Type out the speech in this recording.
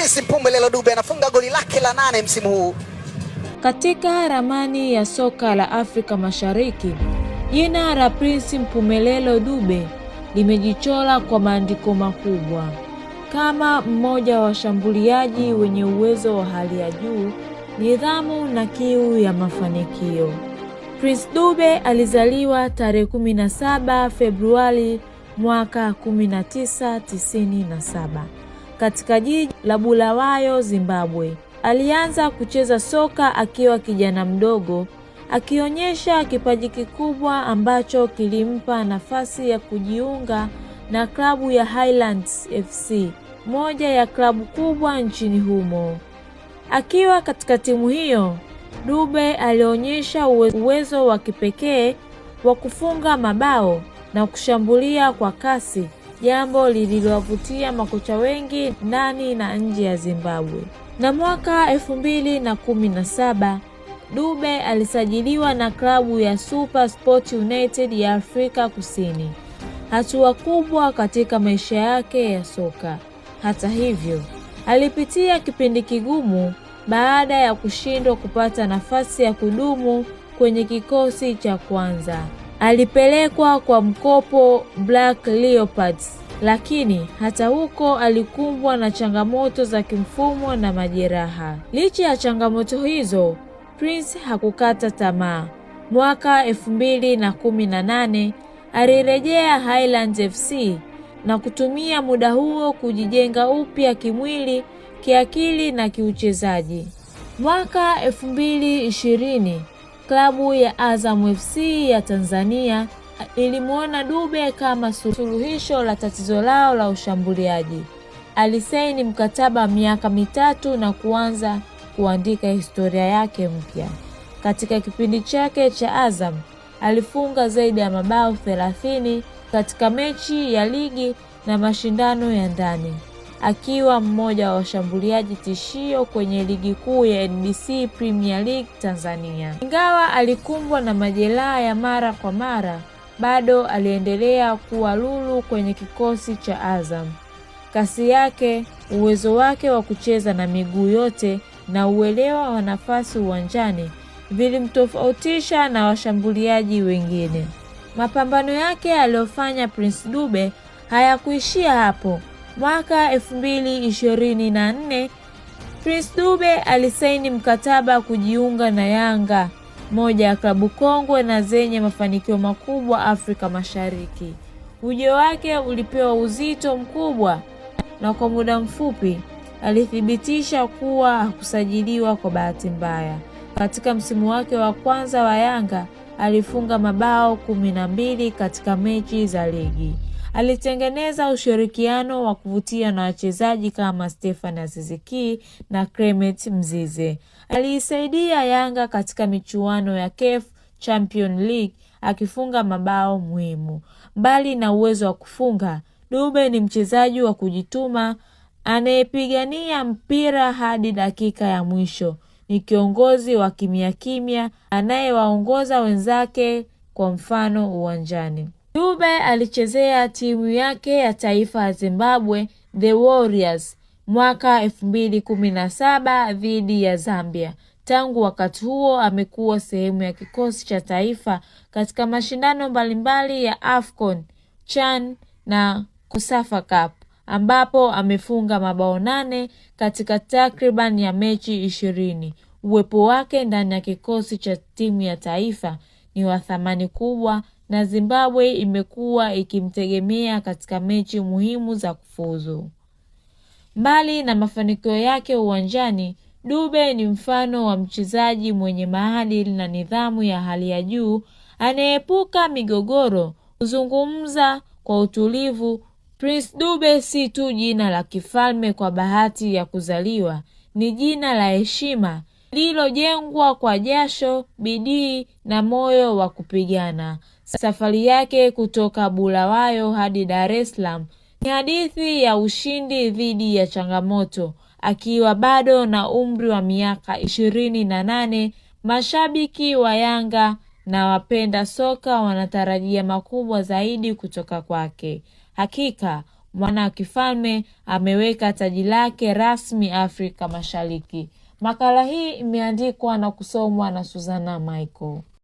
Prince Mpumelelo Dube anafunga goli lake la nane msimu huu. Katika ramani ya soka la Afrika Mashariki, jina la Prince Mpumelelo Dube limejichora kwa maandiko makubwa kama mmoja wa washambuliaji wenye uwezo wa hali ya juu, nidhamu na kiu ya mafanikio. Prince Dube alizaliwa tarehe 17 Februari mwaka 1997 katika jiji la Bulawayo, Zimbabwe. Alianza kucheza soka akiwa kijana mdogo, akionyesha kipaji kikubwa ambacho kilimpa nafasi ya kujiunga na klabu ya Highlands FC, moja ya klabu kubwa nchini humo. Akiwa katika timu hiyo, Dube alionyesha uwezo wa kipekee wa kufunga mabao na kushambulia kwa kasi jambo lililowavutia makocha wengi ndani na nje ya Zimbabwe. Na mwaka 2017 Dube alisajiliwa na klabu ya Super Sport United ya Afrika Kusini, hatua kubwa katika maisha yake ya soka. Hata hivyo, alipitia kipindi kigumu baada ya kushindwa kupata nafasi ya kudumu kwenye kikosi cha kwanza. Alipelekwa kwa mkopo Black Leopards, lakini hata huko alikumbwa na changamoto za kimfumo na majeraha. Licha ya changamoto hizo, Prince hakukata tamaa. Mwaka 2018 alirejea Highlands FC na kutumia muda huo kujijenga upya kimwili, kiakili na kiuchezaji. Mwaka 2020 klabu ya Azam FC ya Tanzania ilimwona Dube kama suluhisho la tatizo lao la ushambuliaji. Alisaini mkataba miaka mitatu na kuanza kuandika historia yake mpya. Katika kipindi chake cha Azam alifunga zaidi ya mabao 30 katika mechi ya ligi na mashindano ya ndani akiwa mmoja wa washambuliaji tishio kwenye ligi kuu ya NBC Premier League Tanzania. Ingawa alikumbwa na majeraha ya mara kwa mara, bado aliendelea kuwa lulu kwenye kikosi cha Azam. Kasi yake, uwezo wake wa kucheza na miguu yote na uelewa wa nafasi uwanjani vilimtofautisha na washambuliaji wengine. Mapambano yake aliyofanya Prince Dube hayakuishia hapo. Mwaka 2024 Prince Dube alisaini mkataba kujiunga na Yanga, moja ya klabu kongwe na zenye mafanikio makubwa Afrika Mashariki. Ujio wake ulipewa uzito mkubwa na kwa muda mfupi alithibitisha kuwa hakusajiliwa kwa bahati mbaya. Katika msimu wake wa kwanza wa Yanga alifunga mabao kumi na mbili katika mechi za ligi. Alitengeneza ushirikiano wa kuvutia na wachezaji kama Stefan Aziziki na Clement Mzize. Aliisaidia Yanga katika michuano ya CAF Champion League akifunga mabao muhimu. Mbali na uwezo wa kufunga, Dube ni mchezaji wa kujituma anayepigania mpira hadi dakika ya mwisho. Ni kiongozi wa kimya kimya anayewaongoza wenzake, kwa mfano uwanjani. Dube alichezea timu yake ya taifa ya Zimbabwe The Warriors mwaka 2017 dhidi ya Zambia. Tangu wakati huo amekuwa sehemu ya kikosi cha taifa katika mashindano mbalimbali ya AFCON, CHAN na Kusafa Cup ambapo amefunga mabao nane katika takriban ya mechi ishirini. Uwepo wake ndani ya kikosi cha timu ya taifa ni wa thamani kubwa na Zimbabwe imekuwa ikimtegemea katika mechi muhimu za kufuzu. Mbali na mafanikio yake uwanjani, Dube ni mfano wa mchezaji mwenye maadili na nidhamu ya hali ya juu anayeepuka migogoro, kuzungumza kwa utulivu. Prince Dube si tu jina la kifalme kwa bahati ya kuzaliwa, ni jina la heshima, lililojengwa kwa jasho, bidii na moyo wa kupigana. Safari yake kutoka Bulawayo hadi Dar es Salaam ni hadithi ya ushindi dhidi ya changamoto. Akiwa bado na umri wa miaka ishirini na nane, mashabiki wa Yanga na wapenda soka wanatarajia makubwa zaidi kutoka kwake. Hakika mwana wa kifalme ameweka taji lake rasmi Afrika Mashariki. Makala hii imeandikwa na kusomwa na Suzana Michael.